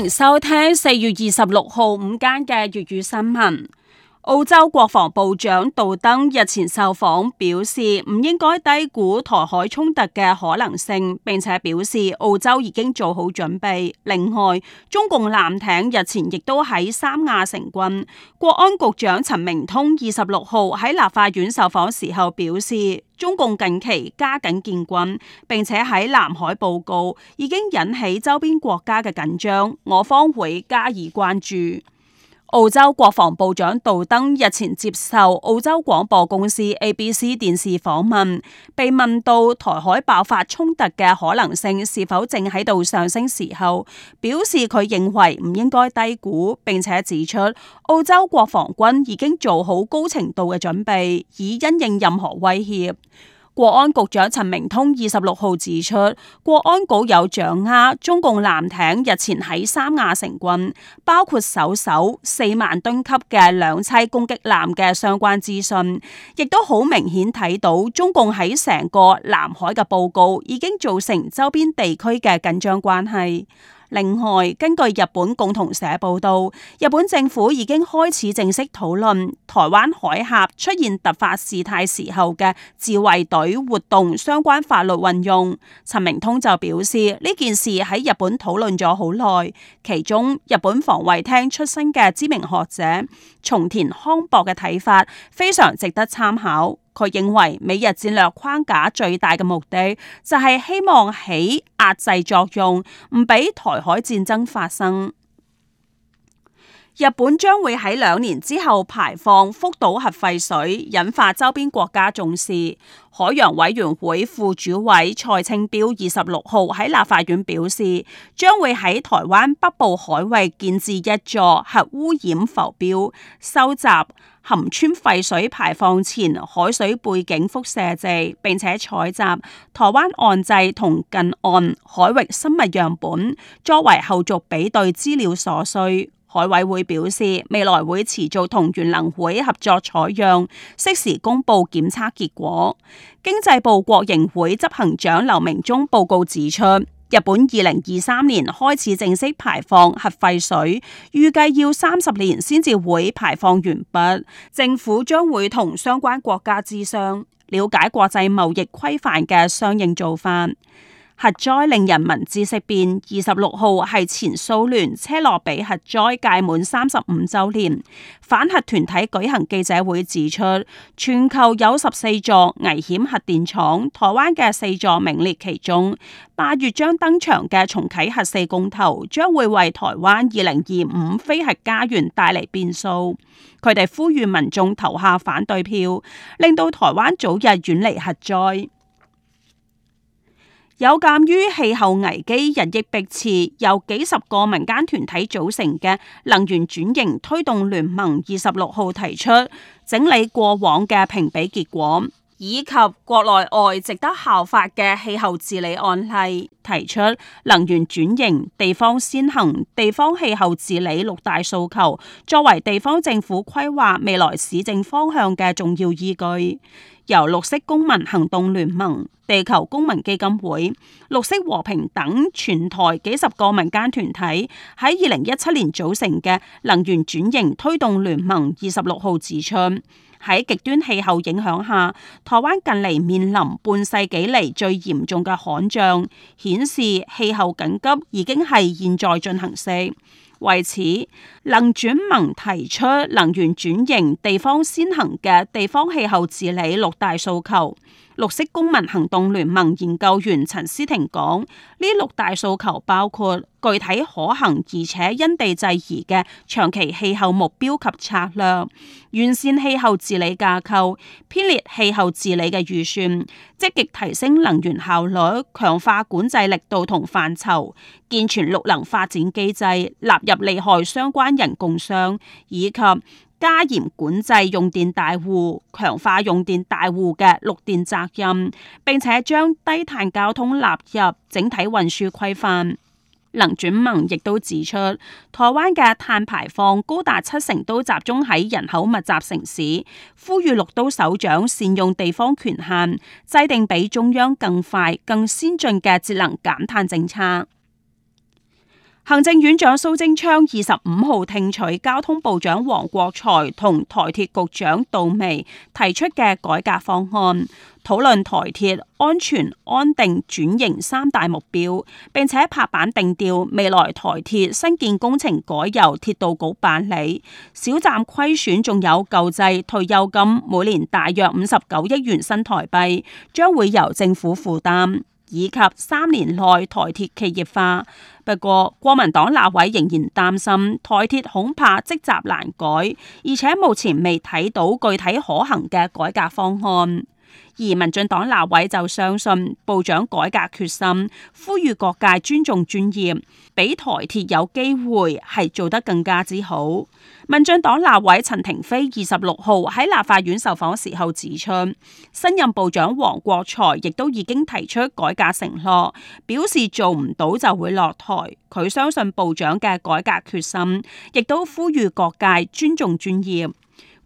歡迎收聽四月二十六號午間嘅粵語新聞。澳洲國防部長杜登日前受訪表示，唔應該低估台海衝突嘅可能性，並且表示澳洲已經做好準備。另外，中共艦艇日前亦都喺三亞成軍。國安局長陳明通二十六號喺立法院受訪時候表示，中共近期加緊建軍，並且喺南海布局，已經引起周邊國家嘅緊張，我方會加以關注。澳洲國防部長杜登日前接受澳洲廣播公司 ABC 電視訪問，被問到台海爆發衝突嘅可能性是否正喺度上升時候，表示佢認為唔應該低估，並且指出澳洲國防軍已經做好高程度嘅準備，以因應任何威脅。國安局長陳明通二十六號指出，國安局有掌握中共艦艇日前喺三亞成軍，包括首艘四萬噸級嘅兩棲攻擊艦嘅相關資訊，亦都好明顯睇到中共喺成個南海嘅布局已經造成周邊地區嘅緊張關係。另外，根據日本共同社報道，日本政府已經開始正式討論台灣海峽出現突發事態時候嘅自衛隊活動相關法律運用。陳明通就表示，呢件事喺日本討論咗好耐，其中日本防衛廳出身嘅知名學者松田康博嘅睇法非常值得參考。佢認為美日戰略框架最大嘅目的就係希望起壓制作用，唔俾台海戰爭發生。日本將會喺兩年之後排放福島核廢水，引發周邊國家重視。海洋委員會副主委蔡清標二十六號喺立法院表示，將會喺台灣北部海域建置一座核污染浮標，收集含氚廢水排放前海水背景輻射值，並且採集台灣岸際同近岸海域生物樣本，作為後續比對資料所需。海委會表示，未來會持續同原能會合作採樣，適時公布檢測結果。經濟部國營會執行長劉明忠報告指出，日本二零二三年開始正式排放核廢水，預計要三十年先至會排放完畢。政府將會同相關國家諮商，了解國際貿易規範嘅相應做法。核災令人民知識變。二十六號係前蘇聯車諾比核災屆滿三十五週年，反核團體舉行記者會指出，全球有十四座危險核電廠，台灣嘅四座名列其中。八月將登場嘅重啟核四公投，將會為台灣二零二五非核家園帶嚟變數。佢哋呼籲民眾投下反對票，令到台灣早日遠離核災。有鑑於氣候危機日益迫切，由幾十個民間團體組成嘅能源轉型推動聯盟，二十六號提出整理過往嘅評比結果。以及國內外值得效法嘅氣候治理案例，提出能源轉型、地方先行、地方氣候治理六大訴求，作為地方政府規劃未來市政方向嘅重要依據。由綠色公民行動聯盟、地球公民基金會、綠色和平等全台幾十個民間團體喺二零一七年組成嘅能源轉型推動聯盟二十六號指出。喺極端氣候影響下，台灣近嚟面臨半世紀嚟最嚴重嘅旱象，顯示氣候緊急已經係現在進行式。為此，能轉盟提出能源轉型、地方先行嘅地方氣候治理六大訴求。綠色公民行動聯盟研究員陳思婷講：呢六大訴求包括具體可行而且因地制宜嘅長期氣候目標及策略，完善氣候治理架構，編列氣候治理嘅預算，積極提升能源效率，強化管制力度同範疇，健全綠能發展機制，納入利害相關人共商，以及。加嚴管制用電大戶，強化用電大戶嘅綠電責任，並且將低碳交通納入整體運輸規範。能轉盟亦都指出，台灣嘅碳排放高達七成都集中喺人口密集城市，呼籲六都首長善用地方權限，制定比中央更快、更先進嘅節能減碳政策。行政院長蘇貞昌二十五號聽取交通部長王國材同台鐵局長杜薇提出嘅改革方案，討論台鐵安全、安定、轉型三大目標，並且拍板定調未來台鐵新建工程改由鐵道局辦理，小站虧損仲有舊制退休金，每年大約五十九億元新台幣將會由政府負擔。以及三年內台鐵企業化，不過國民黨立委仍然擔心台鐵恐怕積習難改，而且目前未睇到具體可行嘅改革方案。而民進黨立委就相信部長改革決心，呼籲各界尊重專業，俾台鐵有機會係做得更加之好。民進黨立委陳亭妃二十六號喺立法院受訪時候指出，新任部長王國材亦都已經提出改革承諾，表示做唔到就會落台。佢相信部長嘅改革決心，亦都呼籲各界尊重專業。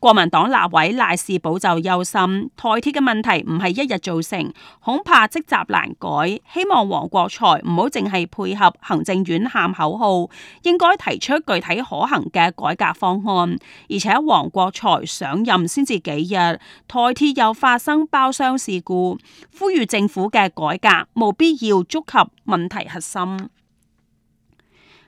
國民黨立委賴士葆就憂心台鐵嘅問題唔係一日造成，恐怕積習難改。希望王國材唔好淨係配合行政院喊口號，應該提出具體可行嘅改革方案。而且王國材上任先至幾日，台鐵又發生包商事故，呼籲政府嘅改革冇必要觸及問題核心。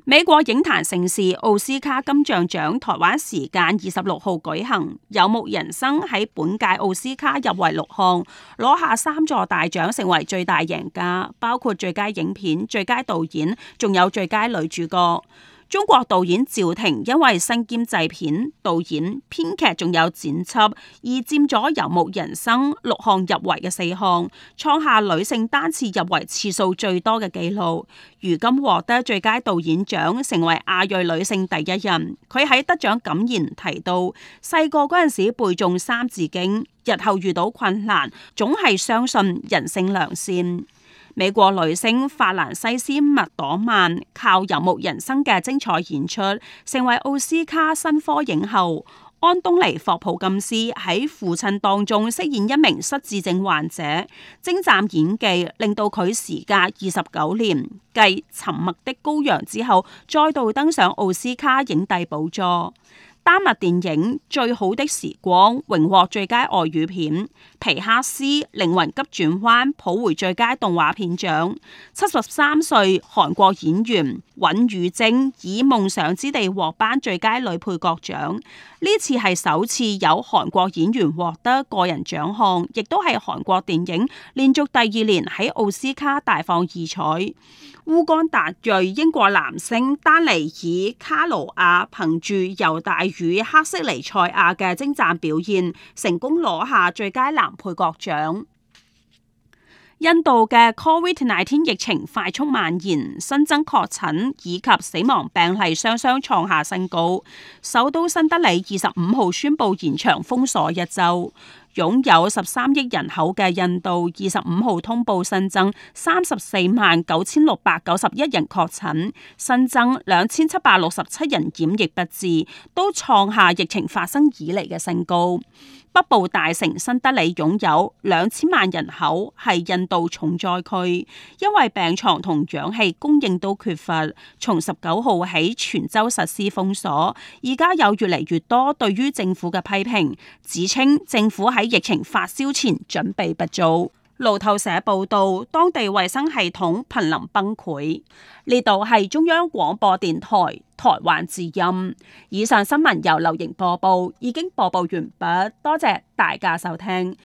美國影壇盛事奧斯卡金像獎台灣時間二十六號舉行，《遊牧人生》喺本屆奧斯卡入圍六項，攞下三座大獎，成為最大贏家，包括最佳影片、最佳導演，仲有最佳女主角。中國導演趙婷因為身兼製片、導演、編劇，仲有剪輯，而佔咗《遊牧人生》六項入圍嘅四項，創下女性單次入圍次數最多嘅紀錄。如今獲得最佳導演獎，成為亞裔女性第一人。佢喺得獎感言提到：細個嗰陣時背誦《三字經》，日後遇到困難，總係相信人性良善。美國女星法蘭西斯麥朵曼靠遊牧人生嘅精彩演出，成為奧斯卡新科影后。安東尼霍普金斯喺父親當中飾演一名失智症患者，精湛演技令到佢時隔二十九年，繼《沉默的羔羊》之後，再度登上奧斯卡影帝寶座。丹麥電影《最好的時光》榮獲最佳外語片，皮克斯《靈魂急轉彎》抱回最佳動畫片獎。七十三歲韓國演員尹宇晶以《夢想之地》獲頒最佳女配角獎。呢次係首次有韓國演員獲得個人獎項，亦都係韓國電影連續第二年喺奧斯卡大放異彩。烏干達裔英國男星丹尼爾卡盧亞憑住猶大與黑色尼塞亞嘅精湛表現，成功攞下最佳男配角獎。印度嘅 COVID-19 疫情快速蔓延，新增確診以及死亡病例雙雙創下新高。首都新德里二十五號宣布延長封鎖一周，擁有十三億人口嘅印度二十五號通報新增三十四萬九千六百九十一人確診，新增兩千七百六十七人染疫不治，都創下疫情發生以嚟嘅新高。北部大城新德里擁有兩千萬人口，係印度重災區，因為病床同氧氣供應都缺乏。從十九號起，全州實施封鎖，而家有越嚟越多對於政府嘅批評，指稱政府喺疫情發燒前準備不足。路透社報道，當地衛生系統瀕臨崩潰。呢度係中央廣播電台台灣之音。以上新聞由流瑩播報，已經播報完畢，多謝大家收聽。